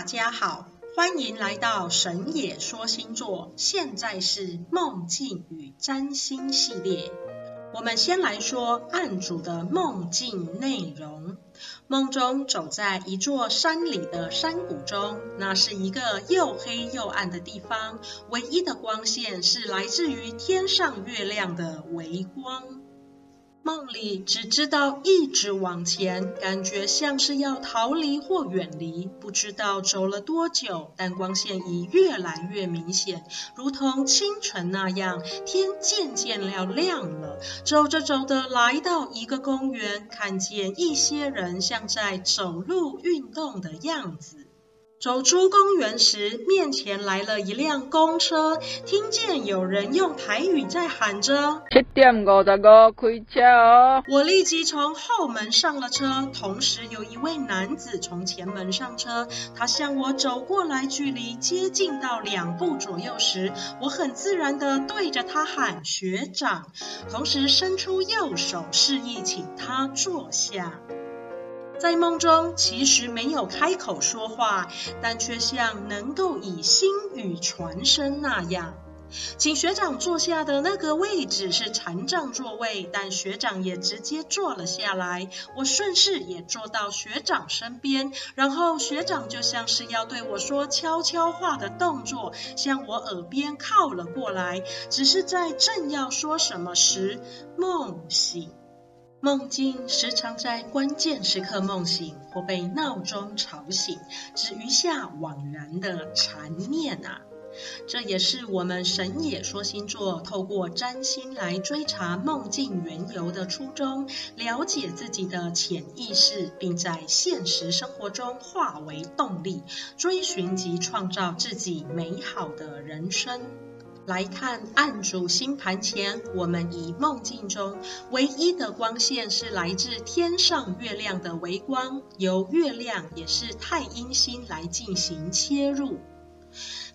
大家好，歡迎來到神野說星座。現在是夢境與占星系列。我們先來說案主的夢境內容。夢中走在一座山裡的山谷中，那是一個又黑又暗的地方，唯一的光線是來自於天上月亮的微光。夢裡只知道一直往前，感覺像是要逃離或遠離，不知道走了多久，但光線已越來越明顯，如同清晨那樣，天漸漸要亮了。走着走着，來到一個公園，看見一些人像在走路運動的樣子。走出公園時，面前來了一輛公車，聽見有人用台語在喊着：「七點五十五，開車哦。」我立即從後門上了車，同時有一位男子從前門上車，他向我走過來，距離接近到兩步左右時，我很自然地對着他喊“學長”，同時伸出右手示意請他坐下。在夢中其實沒有開口說話，但卻像能夠以心語傳聲那樣。請學長坐下的那個位置是殘障座位，但學長也直接坐了下來。我順勢也坐到學長身邊，然後學長就像是要對我說悄悄話的動作，向我耳邊靠了過來。只是在正要說什麼時，夢醒。夢境時常在關鍵時刻夢醒或被鬧鐘吵醒，只餘下惘然的纏念啊！這也是我們神野說星座透過占星來追查夢境緣由的初衷，了解自己的潛意識，並在現實生活中化為動力，追尋及創造自己美好的人生。來看案主星盤前，我們以夢境中唯一的光線是來自天上月亮的微光，由月亮也是太陰星來進行切入。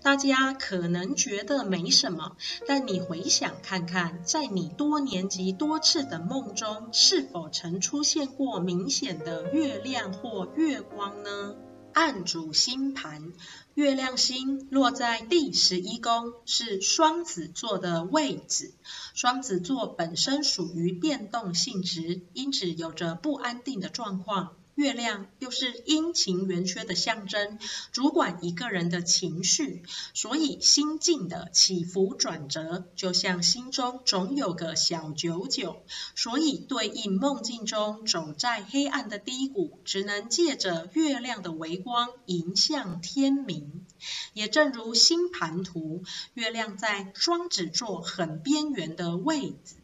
大家可能覺得沒什麼，但你回想看看，在你多年及多次的夢中，是否曾出現過明顯的月亮或月光呢？按主星盤，月亮星落在第十一宮，是雙子座的位置。雙子座本身屬於變動性質，因此有着不安定的狀況。月亮又是陰晴圓缺的象徵，主管一個人的情緒，所以心境的起伏轉折，就像心中總有個小九九，所以對應夢境中走在黑暗的低谷，只能借着月亮的微光迎向天明。也正如星盤圖，月亮在雙子座很邊緣的位置。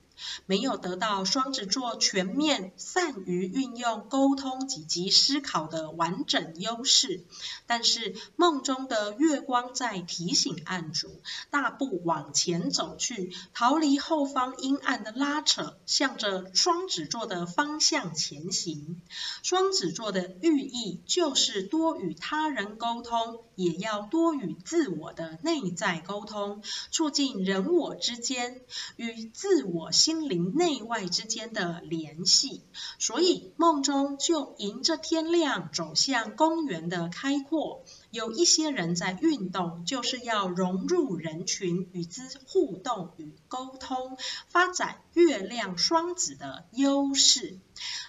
沒有得到雙子座全面善於運用溝通以及,及思考的完整優勢，但是夢中的月光在提醒案主，大步往前走去，逃離後方陰暗的拉扯，向着雙子座的方向前行。雙子座的寓意就是多與他人溝通。也要多與自我的內在溝通，促進人我之間與自我心靈內外之間的聯繫，所以夢中就迎着天亮走向公園的開闊。有一些人在運動，就是要融入人群，與之互動與溝通，發展月亮雙子的優勢。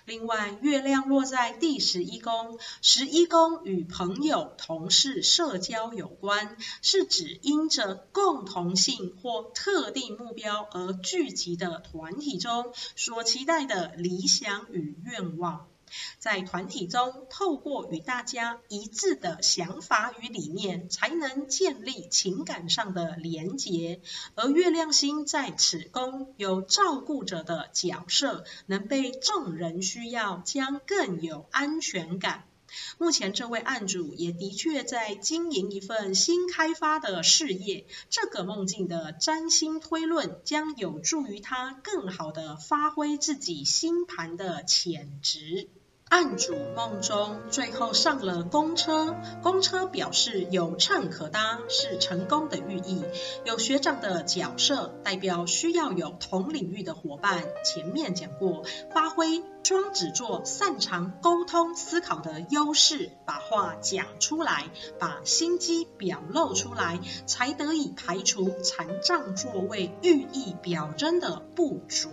另外，月亮落在第十一宮，十一宮與朋友、同事、社交有關，是指因着共同性或特定目標而聚集的團體中所期待的理想與願望。在團體中，透過與大家一致的想法與理念，才能建立情感上的連結。而月亮星在此宮有照顧者的角色，能被眾人需要，將更有安全感。目前這位案主也的確在經營一份新開發的事業，這個夢境的占星推論將有助於他更好的發揮自己星盤的潛質。案主夢中最後上了公車，公車表示有乘可搭，是成功的寓意。有學長的角色，代表需要有同領域的夥伴。前面講過，發揮雙子座擅長溝通、思考的優勢，把話講出來，把心機表露出來，才得以排除殘障座位寓意表徵的不足。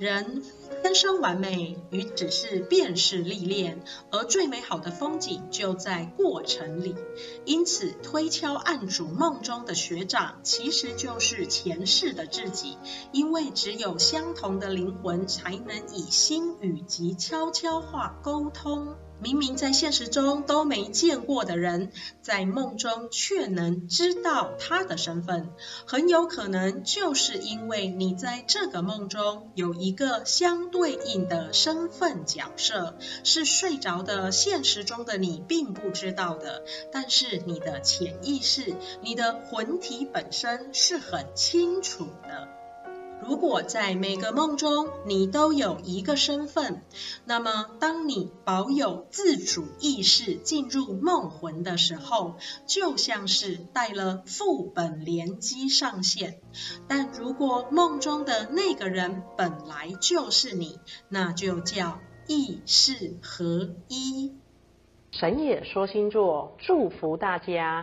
人天生完美，與只是便是歷練，而最美好的風景就在過程裡。因此，推敲案主夢中的學長，其實就是前世的自己，因為只有相同的靈魂，才能以心語及悄悄話溝通。明明在現實中都沒見過的人，在夢中卻能知道他的身份，很有可能就是因為你在這個夢中有一個相對應的身份角色，是睡着的現實中的你並不知道的，但是你的潛意識、你的魂體本身是很清楚的。如果在每個夢中你都有一個身份，那麼當你保有自主意識進入夢魂的時候，就像是帶了副本聯機上線。但如果夢中的那個人本來就是你，那就叫意識合一。神野說星座，祝福大家。